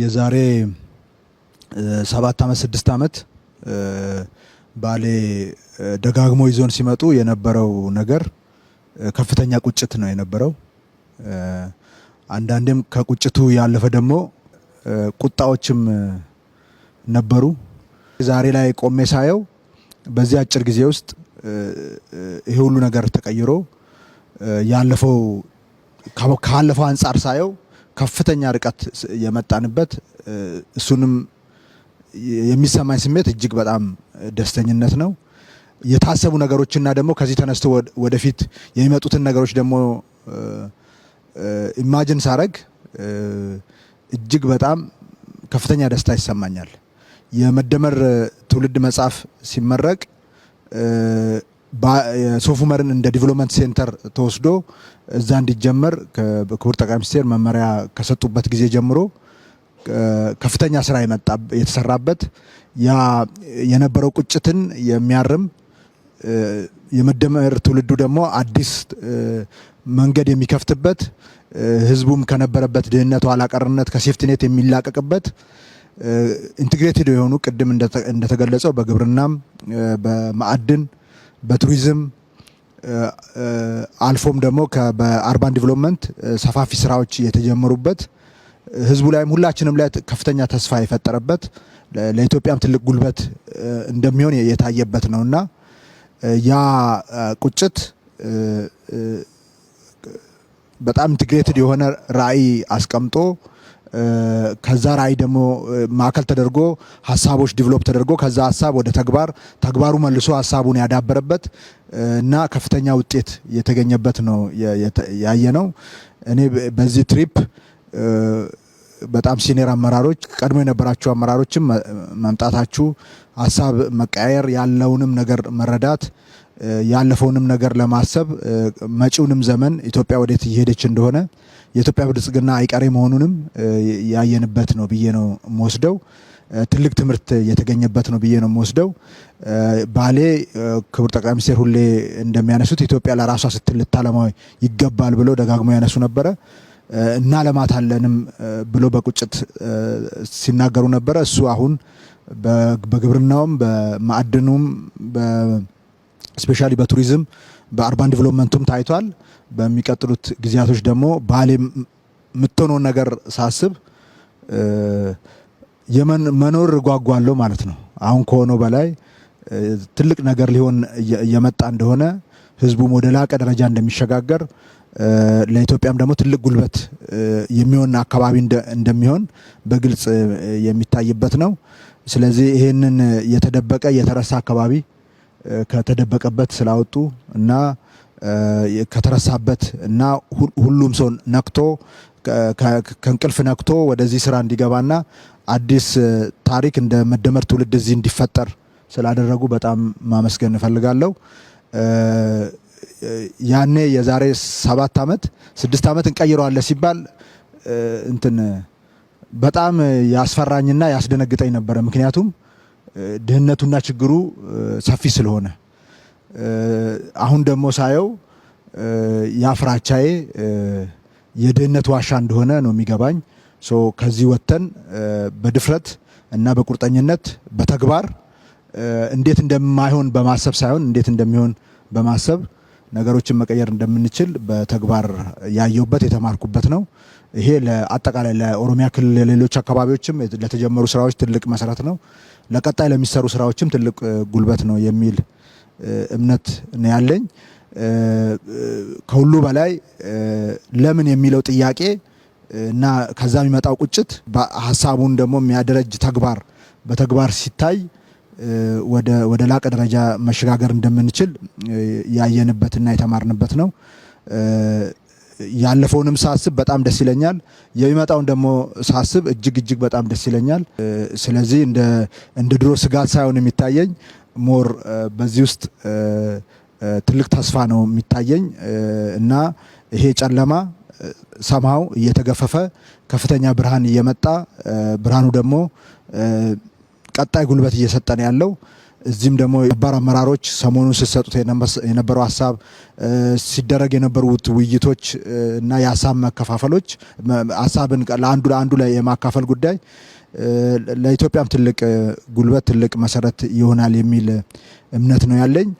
የዛሬ ሰባት ዓመት ስድስት ዓመት ባሌ ደጋግሞ ይዞን ሲመጡ የነበረው ነገር ከፍተኛ ቁጭት ነው የነበረው። አንዳንዴም ከቁጭቱ ያለፈ ደግሞ ቁጣዎችም ነበሩ። ዛሬ ላይ ቆሜ ሳየው በዚህ አጭር ጊዜ ውስጥ ይሄ ሁሉ ነገር ተቀይሮ ያለፈው ካለፈው አንጻር ሳየው ከፍተኛ ርቀት የመጣንበት እሱንም የሚሰማኝ ስሜት እጅግ በጣም ደስተኝነት ነው። የታሰቡ ነገሮችና ደግሞ ከዚህ ተነስቶ ወደፊት የሚመጡትን ነገሮች ደግሞ ኢማጅን ሳረግ እጅግ በጣም ከፍተኛ ደስታ ይሰማኛል። የመደመር ትውልድ መጽሐፍ ሲመረቅ ሶፍ ዑመርን እንደ ዲቨሎፕመንት ሴንተር ተወስዶ እዛ እንዲጀመር ክቡር ጠቅላይ ሚኒስትር መመሪያ ከሰጡበት ጊዜ ጀምሮ ከፍተኛ ስራ የተሰራበት ያ የነበረው ቁጭትን የሚያርም የመደመር ትውልዱ ደግሞ አዲስ መንገድ የሚከፍትበት ህዝቡም ከነበረበት ድህነት፣ ኋላቀርነት ከሴፍቲኔት የሚላቀቅበት ኢንቴግሬትድ የሆኑ ቅድም እንደተገለጸው በግብርናም በማዕድን በቱሪዝም አልፎም ደግሞ በአርባን ዲቨሎፕመንት ሰፋፊ ስራዎች የተጀመሩበት ህዝቡ ላይም ሁላችንም ላይ ከፍተኛ ተስፋ የፈጠረበት ለኢትዮጵያም ትልቅ ጉልበት እንደሚሆን የታየበት ነውና ያ ቁጭት በጣም ኢንትግሬትድ የሆነ ራዕይ አስቀምጦ ከዛ ራዕይ ደግሞ ማዕከል ተደርጎ ሀሳቦች ዲቨሎፕ ተደርጎ ከዛ ሀሳብ ወደ ተግባር ተግባሩ መልሶ ሀሳቡን ያዳበረበት እና ከፍተኛ ውጤት የተገኘበት ነው ያየ ነው። እኔ በዚህ ትሪፕ በጣም ሲኒየር አመራሮች ቀድሞ የነበራችሁ አመራሮችም መምጣታችሁ ሀሳብ መቀያየር ያለውንም ነገር መረዳት ያለፈውንም ነገር ለማሰብ መጪውንም ዘመን ኢትዮጵያ ወዴት እየሄደች እንደሆነ የኢትዮጵያ ብልጽግና አይቀሬ መሆኑንም ያየንበት ነው ብዬ ነው የምወስደው። ትልቅ ትምህርት የተገኘበት ነው ብዬ ነው የምወስደው። ባሌ ክቡር ጠቅላይ ሚኒስትር ሁሌ እንደሚያነሱት ኢትዮጵያ ለራሷ ስትል ልታለማው ይገባል ብለው ደጋግሞ ያነሱ ነበረ እና ለማታለንም ብሎ በቁጭት ሲናገሩ ነበረ። እሱ አሁን በግብርናውም በማዕድኑም ስፔሻሊ በቱሪዝም በአርባን ዲቨሎፕመንቱም ታይቷል። በሚቀጥሉት ጊዜያቶች ደግሞ ባሌ የምትሆነውን ነገር ሳስብ የመኖር እጓጓለሁ ማለት ነው። አሁን ከሆነው በላይ ትልቅ ነገር ሊሆን እየመጣ እንደሆነ ህዝቡም ወደ ላቀ ደረጃ እንደሚሸጋገር ለኢትዮጵያም ደግሞ ትልቅ ጉልበት የሚሆን አካባቢ እንደሚሆን በግልጽ የሚታይበት ነው። ስለዚህ ይህንን የተደበቀ የተረሳ አካባቢ ከተደበቀበት ስላወጡ እና ከተረሳበት እና ሁሉም ሰው ነክቶ ከእንቅልፍ ነክቶ ወደዚህ ስራ እንዲገባና አዲስ ታሪክ እንደ መደመር ትውልድ እዚህ እንዲፈጠር ስላደረጉ በጣም ማመስገን እፈልጋለሁ። ያኔ የዛሬ ሰባት ዓመት ስድስት ዓመት እንቀይረዋለን ሲባል እንትን በጣም ያስፈራኝና ያስደነግጠኝ ነበረ ምክንያቱም ድህነቱና ችግሩ ሰፊ ስለሆነ አሁን ደግሞ ሳየው የአፍራቻዬ የድህነት ዋሻ እንደሆነ ነው የሚገባኝ። ከዚህ ወጥተን በድፍረት እና በቁርጠኝነት በተግባር እንዴት እንደማይሆን በማሰብ ሳይሆን እንዴት እንደሚሆን በማሰብ ነገሮችን መቀየር እንደምንችል በተግባር ያየሁበት የተማርኩበት ነው። ይሄ ለአጠቃላይ ለኦሮሚያ ክልል ለሌሎች አካባቢዎችም ለተጀመሩ ስራዎች ትልቅ መሰረት ነው፣ ለቀጣይ ለሚሰሩ ስራዎችም ትልቅ ጉልበት ነው የሚል እምነት ነው ያለኝ። ከሁሉ በላይ ለምን የሚለው ጥያቄ እና ከዛ የሚመጣው ቁጭት ሀሳቡን ደግሞ የሚያደረጅ ተግባር በተግባር ሲታይ ወደ ላቀ ደረጃ መሸጋገር እንደምንችል ያየንበትና የተማርንበት ነው። ያለፈውንም ሳስብ በጣም ደስ ይለኛል። የሚመጣውን ደግሞ ሳስብ እጅግ እጅግ በጣም ደስ ይለኛል። ስለዚህ እንደ ድሮ ስጋት ሳይሆን የሚታየኝ ሞር በዚህ ውስጥ ትልቅ ተስፋ ነው የሚታየኝ እና ይሄ ጨለማ ሰማው እየተገፈፈ ከፍተኛ ብርሃን እየመጣ ብርሃኑ ደግሞ ቀጣይ ጉልበት እየሰጠን ያለው እዚህም ደግሞ ባር አመራሮች ሰሞኑን ሲሰጡት የነበረው ሀሳብ ሲደረግ የነበሩት ውይይቶች እና የሀሳብ መከፋፈሎች ሀሳብን ለአንዱ ለአንዱ ላይ የማካፈል ጉዳይ ለኢትዮጵያም ትልቅ ጉልበት፣ ትልቅ መሰረት ይሆናል የሚል እምነት ነው ያለኝ።